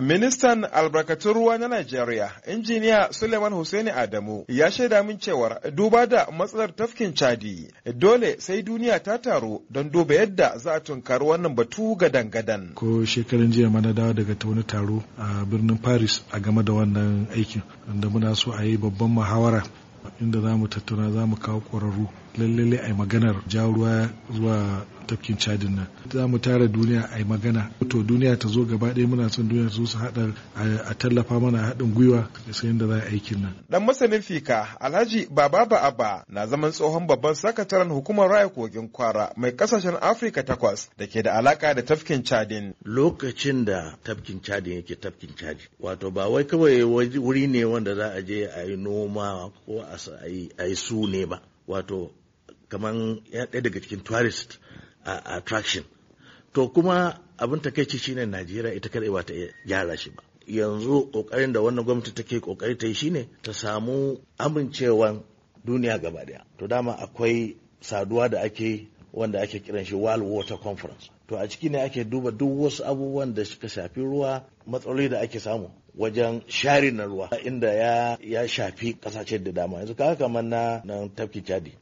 Ministan albarkatun ruwa na Najeriya, injiniya Suleiman Hussaini Adamu, ya shaida min cewar duba da matsalar tafkin Chadi, dole sai duniya ta taru don duba yadda za a tunkari wannan batu gadan-gadan. Ko shekarun jiya mana dawa daga ta wani taro a birnin Paris a game da wannan aikin, da muna so a yi babban muhawara inda za mu tattauna za mu kawo ƙwararru lallai a maganar jawo ruwa zuwa tafkin cadin nan za mu tara duniya a yi magana to duniya ta zo gaba ɗaya muna son duniya su haɗa a tallafa mana haɗin gwiwa da sayan za a aikin nan. dan masanin fika alhaji baba aba na zaman tsohon babban sakataren hukumar raya kogin kwara mai kasashen afirka takwas da ke da alaka da tafkin cadin. lokacin da tafkin cadin yake tafkin cadi wato ba wai kawai wuri ne wanda za a je a yi noma ko a yi su ne ba wato kamar ya ɗaya daga cikin tourist attraction to kuma abin takaici shine najeriya ita kadai ba ta gyara shi ba yanzu kokarin da wannan gwamnati take kokari ta yi shine ta samu amincewan duniya gaba daya to dama akwai saduwa da ake wanda ake kiran shi world water conference to a ciki ne ake duba duk wasu abubuwan da suka shafi ruwa matsaloli da ake samu wajen shari na ruwa inda ya, ya shafi kasashe da dama yanzu kaga kamar na nan tafki chadi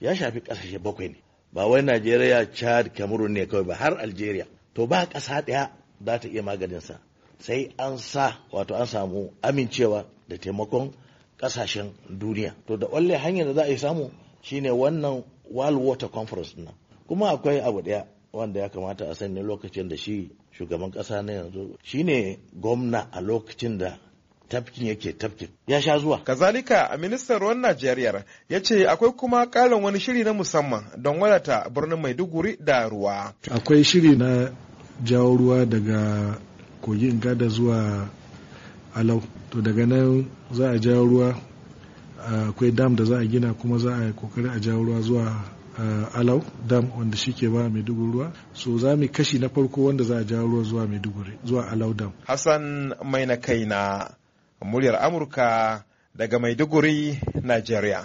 ya shafi kasashe bakwai ne ba wai Najeriya Chad Cameroon ne kawai ba har Algeria to ba ƙasa ɗaya za ta iya maganin sa sai an sa wato an samu amincewa da taimakon ƙasashen duniya to da walle hanyar da za a yi samu shine wannan World Water Conference nan kuma akwai abu ɗaya wanda ya kamata a sani lokacin da shi shugaban ƙasa na yanzu shine gwamna a lokacin da tafkin yake tafkin ya sha zuwa. Kazalika a ministan ruwan Najeriya ya ce akwai kuma ƙarin wani shiri na musamman don wadata birnin Maiduguri da ruwa. Akwai shiri na jawo ruwa daga kogin gada zuwa alau to daga nan za a jawo ruwa akwai dam da za a gina kuma za a yi kokari a jawo ruwa zuwa eh, alau dam wanda shi ke ba maiduguri ruwa so za mu kashi na farko wanda za a jawo ruwa zuwa maiduguri zuwa alau dam hassan mai na kaina muryar Amurka daga Maiduguri, Najeriya.